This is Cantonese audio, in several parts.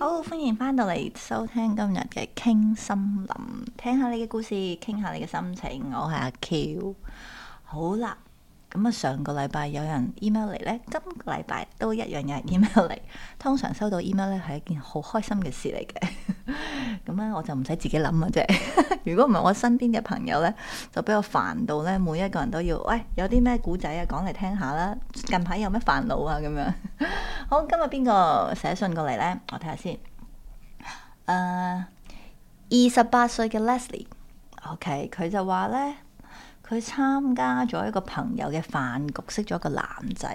好，歡迎翻到嚟收聽今日嘅傾森林，聽下你嘅故事，傾下你嘅心情。我係阿 Q。好啦，咁啊上個禮拜有人 email 嚟呢？今個禮拜。都一樣嘅 email 嚟，通常收到 email 咧係一件好開心嘅事嚟嘅，咁 啊我就唔使自己諗啊啫。 如果唔係我身邊嘅朋友咧，就比較煩到咧每一個人都要，喂，有啲咩古仔啊講嚟聽下啦。近排有咩煩惱啊咁樣。 好，今日邊個寫信過嚟咧？我睇下先。誒，uh, okay，二十八歲嘅 Leslie，OK，佢就話咧。佢參加咗一個朋友嘅飯局，識咗一個男仔。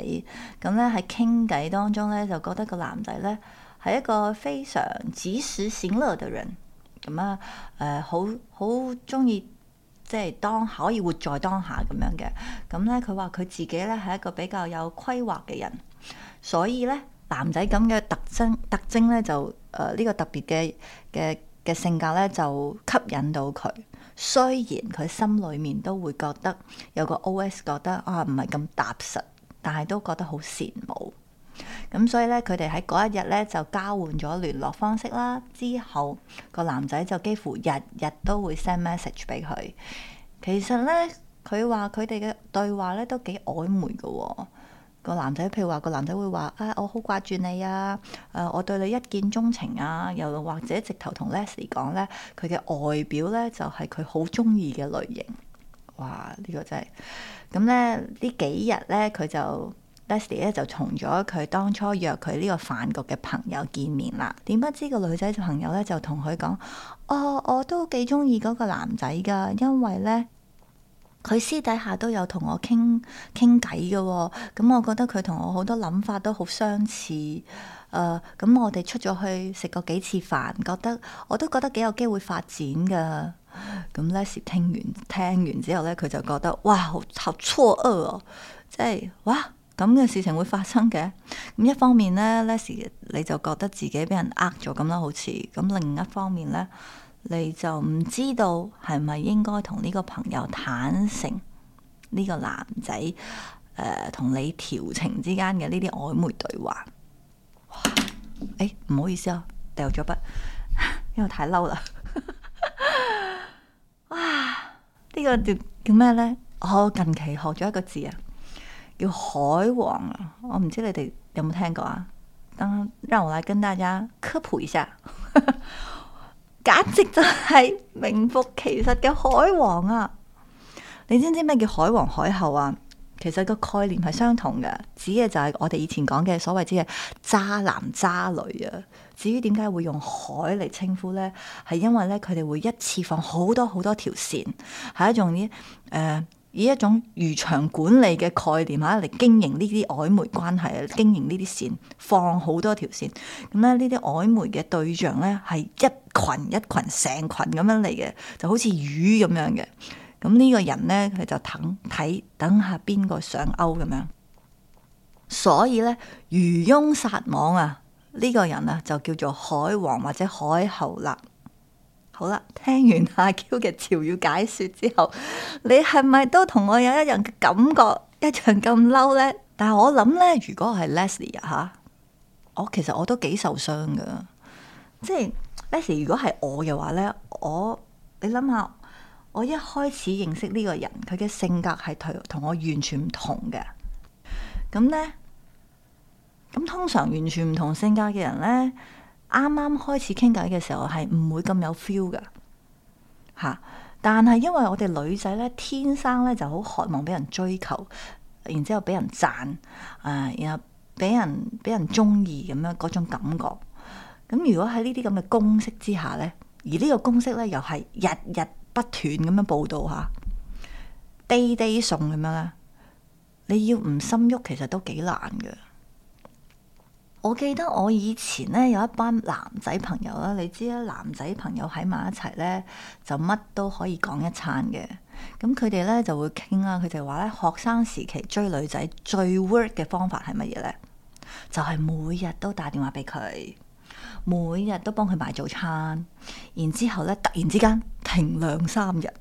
咁咧喺傾偈當中咧，就覺得個男仔咧係一個非常及時行樂嘅人。咁、嗯、啊，誒好好中意即係當可以活在當下咁樣嘅。咁、嗯、咧，佢話佢自己咧係一個比較有規劃嘅人，所以咧男仔咁嘅特徵特徵咧就誒呢、呃這個特別嘅嘅嘅性格咧就吸引到佢。雖然佢心裏面都會覺得有個 OS 覺得啊唔係咁踏實，但係都覺得好羨慕。咁所以咧，佢哋喺嗰一日咧就交換咗聯絡方式啦。之後個男仔就幾乎日日都會 send message 俾佢。其實咧，佢話佢哋嘅對話咧都幾曖昧㗎喎。個男仔，譬如話個男仔會話啊，我好掛住你啊，誒，我對你一見鍾情啊，又或者直頭同 Leslie 講咧，佢嘅外表咧就係佢好中意嘅類型，哇！呢、這個真係咁咧，呢幾日咧佢就 Leslie 咧就從咗佢當初約佢呢個飯局嘅朋友見面啦。點不知個女仔朋友咧就同佢講，我我都幾中意嗰個男仔㗎，因為咧。佢私底下都有同我傾傾偈嘅，咁、哦嗯、我覺得佢同我好多諗法都好相似，誒、呃，咁、嗯、我哋出咗去食過幾次飯，覺得我都覺得幾有機會發展㗎。咁、嗯、Leslie、嗯、聽完聽完之後咧，佢就覺得哇，好好錯愕啊！即係哇，咁嘅事情會發生嘅。咁一方面咧，Leslie 你就覺得自己俾人呃咗咁啦，好似咁，另一方面咧，你就唔知道係咪應該同呢個朋友坦誠呢個男仔誒，同、呃、你調情之間嘅呢啲曖昧對話。誒，唔好意思啊，掉咗筆，因為太嬲啦。 哇！呢個叫叫咩呢？我近期學咗一個字啊，叫海王啊。我唔知你哋有冇聽過啊。等讓我來跟大家科普一下。 簡直就係名副其實嘅海王啊！你知唔知咩叫海王海后啊？其實個概念係相同嘅，指嘅就係我哋以前講嘅所謂之嘅渣男渣女啊。至於點解會用海嚟稱呼呢？係因為咧佢哋會一次放好多好多條線，係一種呢誒。呃以一種漁場管理嘅概念嚇嚟經營呢啲曖昧關係啊，經營呢啲線，放好多條線。咁咧，呢啲曖昧嘅對象咧，係一群一群成群咁樣嚟嘅，就好似魚咁樣嘅。咁呢個人咧，佢就等睇等下邊個上鉤咁樣。所以咧，漁翁撒網啊，呢個人啊就叫做海王或者海猴啦。好啦，聽完阿 Q 嘅潮語解說之後，你係咪都同我有一樣嘅感覺，一樣咁嬲呢？但係我諗呢，如果我係 Leslie 吓、啊，我其實我都幾受傷噶即係 Leslie，如果係我嘅話呢，我你諗下，我一開始認識呢個人，佢嘅性格係同我完全唔同嘅。咁呢，咁通常完全唔同性格嘅人呢。啱啱開始傾偈嘅時候係唔會咁有 feel 噶嚇、啊，但係因為我哋女仔咧，天生咧就好渴望俾人追求，然之後俾人讚，誒、啊，然後俾人俾人中意咁樣嗰種感覺。咁、啊、如果喺呢啲咁嘅公式之下咧，而呢個公式咧又係日日不斷咁樣報道嚇，低低送咁樣咧，你要唔心喐其實都幾難嘅。我記得我以前咧有一班男仔朋友啦，你知啦，男仔朋友喺埋一齊咧就乜都可以講一餐嘅。咁佢哋咧就會傾啦，佢哋話咧學生時期追女仔最 work 嘅方法係乜嘢咧？就係每日都打電話俾佢，每日都幫佢買早餐，然之後咧突然之間停兩三日，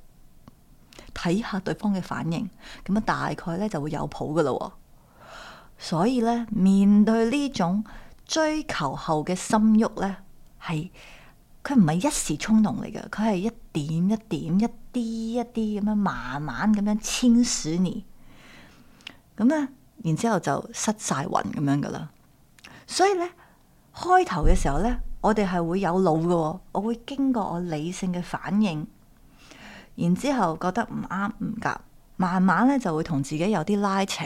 睇下對方嘅反應，咁啊大概咧就會有譜㗎喇喎。所以咧，面對呢種追求後嘅心喐咧，係佢唔係一時衝動嚟嘅，佢係一點一點,一點,一點、一啲一啲咁樣慢慢咁樣侵蝕你，咁啊，然之後就失晒魂咁樣噶啦。所以咧，開頭嘅時候咧，我哋係會有腦嘅，我會經過我理性嘅反應，然之後覺得唔啱唔夾，慢慢咧就會同自己有啲拉扯。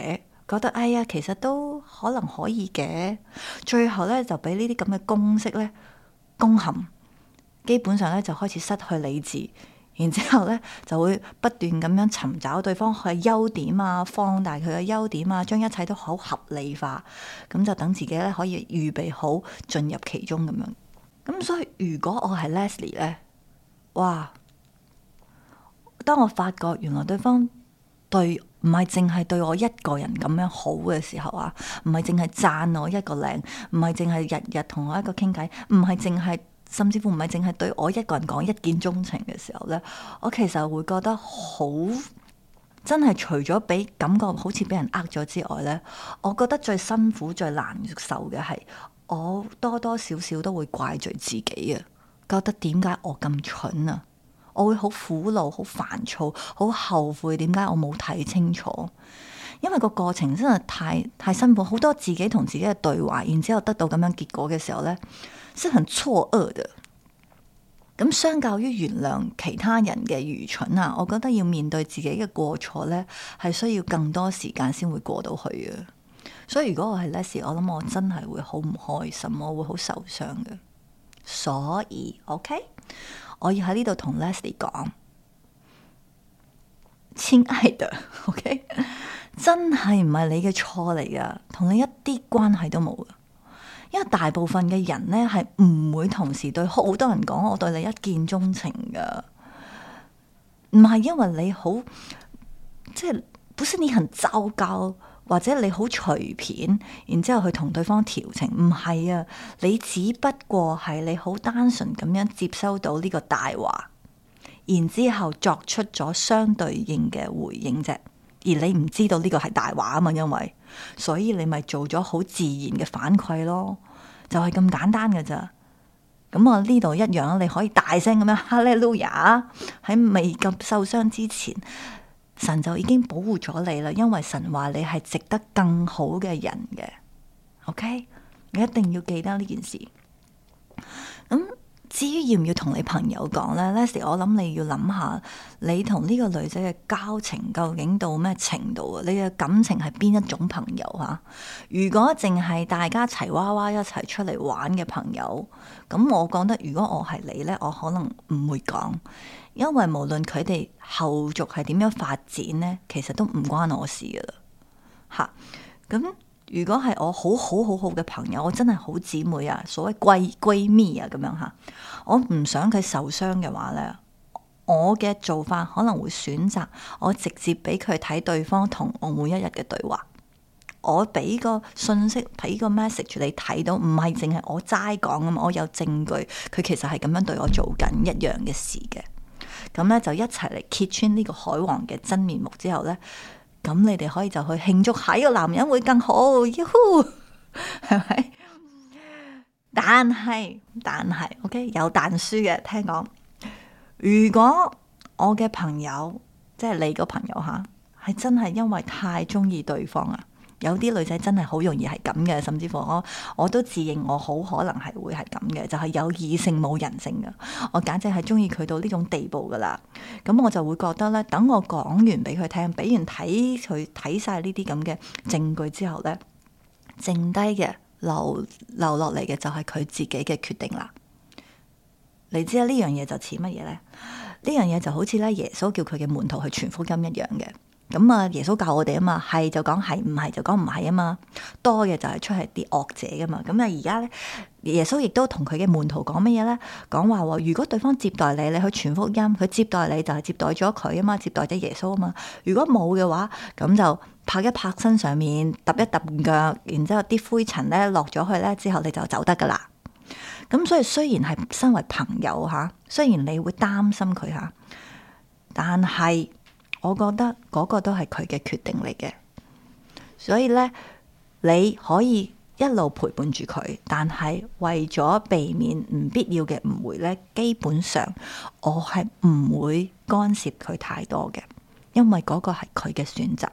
覺得哎呀，其實都可能可以嘅。最後咧就俾呢啲咁嘅公式咧攻陷，基本上咧就開始失去理智。然之後咧就會不斷咁樣尋找對方嘅優點啊，放大佢嘅優點啊，將一切都好合理化，咁就等自己咧可以預備好進入其中咁樣。咁所以如果我係 Leslie 咧，哇！當我發覺原來對方。對，唔係淨係對我一個人咁樣好嘅時候啊，唔係淨係讚我一個靚，唔係淨係日日同我一個傾偈，唔係淨係，甚至乎唔係淨係對我一個人講一見鍾情嘅時候呢，我其實會覺得好真係，除咗俾感覺好似俾人呃咗之外呢，我覺得最辛苦、最難受嘅係，我多多少少都會怪罪自己啊，覺得點解我咁蠢啊？我會好苦惱、好煩躁、好後悔，點解我冇睇清楚？因為個過程真係太太辛苦，好多自己同自己嘅對話，然之後得到咁樣結果嘅時候呢，真係錯愕嘅。咁相較於原諒其他人嘅愚蠢啊，我覺得要面對自己嘅過錯呢，係需要更多時間先會過到去嘅。所以如果我係 Leslie，我諗我真係會好唔開心，我會好受傷嘅。所以，OK。我要喺呢度同 Leslie 講親愛的，OK，真係唔係你嘅錯嚟噶，同你一啲關係都冇噶。因為大部分嘅人咧係唔會同時對好多人講，我對你一見鍾情噶。唔係因為你好，即係本身你很糟糕。或者你好隨便，然之後去同對方調情，唔係啊！你只不過係你好單純咁樣接收到呢個大話，然之後作出咗相對應嘅回應啫。而你唔知道呢個係大話啊嘛，因為所以你咪做咗好自然嘅反饋咯，就係、是、咁簡單嘅咋。咁啊，呢度一樣，你可以大聲咁樣哈利路亞啊！喺未咁受傷之前。神就已經保護咗你啦，因為神話你係值得更好嘅人嘅，OK？你一定要記得呢件事。咁、嗯、至於要唔要同你朋友講呢 Leslie 我諗你要諗下，你同呢個女仔嘅交情究竟到咩程度啊？你嘅感情係邊一種朋友吓、啊？如果淨係大家齊娃娃一齊出嚟玩嘅朋友，咁我講得，如果我係你呢，我可能唔會講。因為無論佢哋後續係點樣發展咧，其實都唔關我事噶啦。吓、啊，咁如果係我好好好好嘅朋友，我真係好姊妹啊，所謂貴閨蜜啊咁樣吓、啊，我唔想佢受傷嘅話咧，我嘅做法可能會選擇我直接俾佢睇對方同我每一日嘅對話，我俾個信息俾個 message 你睇到，唔係淨係我齋講嘛，我有證據，佢其實係咁樣對我做緊一樣嘅事嘅。咁咧就一齊嚟揭穿呢個海王嘅真面目之後咧，咁你哋可以就去慶祝下一個男人會更好，係咪、uh？ 但係但係，OK 有但書嘅，聽講，如果我嘅朋友，即係你個朋友吓，係真係因為太中意對方啊。有啲女仔真係好容易係咁嘅，甚至乎我我都自認我好可能係會係咁嘅，就係、是、有異性冇人性噶，我簡直係中意佢到呢種地步噶啦。咁我就會覺得咧，等我講完俾佢聽，俾完睇佢睇晒呢啲咁嘅證據之後咧，剩低嘅留留落嚟嘅就係佢自己嘅決定啦。你知啦、啊，呢樣嘢就似乜嘢咧？呢樣嘢就好似咧耶穌叫佢嘅門徒去傳福音一樣嘅。咁啊，耶穌教我哋啊嘛，係就講係，唔係就講唔係啊嘛。多嘅就係出係啲惡者噶嘛。咁啊，而家咧，耶穌亦都同佢嘅門徒講乜嘢咧？講話如果對方接待你，你去傳福音，佢接待你就係、是、接待咗佢啊嘛，接待咗耶穌啊嘛。如果冇嘅話，咁就拍一拍身上面，揼一揼腳，然之後啲灰塵咧落咗去咧之後，你就走得噶啦。咁所以雖然係身為朋友吓，雖然你會擔心佢吓，但係。我覺得嗰個都係佢嘅決定嚟嘅，所以呢，你可以一路陪伴住佢，但係為咗避免唔必要嘅誤會呢，基本上我係唔會干涉佢太多嘅，因為嗰個係佢嘅選擇，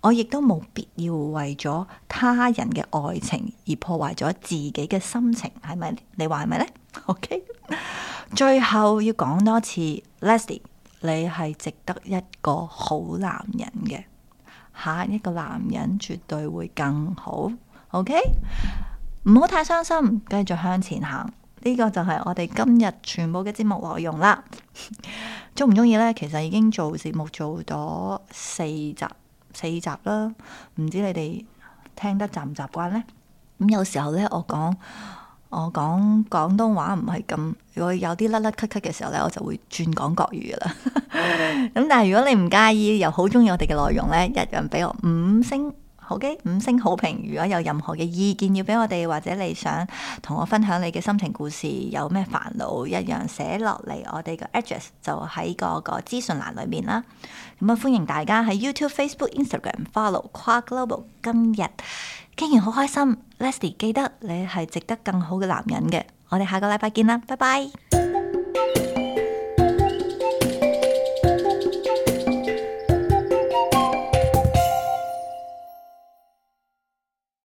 我亦都冇必要為咗他人嘅愛情而破壞咗自己嘅心情，係咪？你話係咪呢？OK，最後要講多次，Leslie。你係值得一個好男人嘅，下一個男人絕對會更好，OK？唔好太傷心，繼續向前行。呢個就係我哋今日全部嘅節目內容啦。鍾唔鍾意呢？其實已經做節目做咗四集四集啦，唔知你哋聽得習唔習慣呢？咁有時候呢，我講。我講廣東話唔係咁，如果有啲甩甩咳咳嘅時候咧，我就會轉講國語㗎喇。咁 但係如果你唔介意，又好中意我哋嘅內容咧，一樣俾我五星。好嘅，okay，五星好評。如果有任何嘅意見要俾我哋，或者你想同我分享你嘅心情故事，有咩煩惱一樣寫落嚟，我哋個 address 就喺嗰個資訊欄裏面啦。咁啊，歡迎大家喺 YouTube、Facebook、Instagram follow 跨 global。今日竟然好開心，Leslie，記得你係值得更好嘅男人嘅。我哋下個禮拜見啦，拜拜。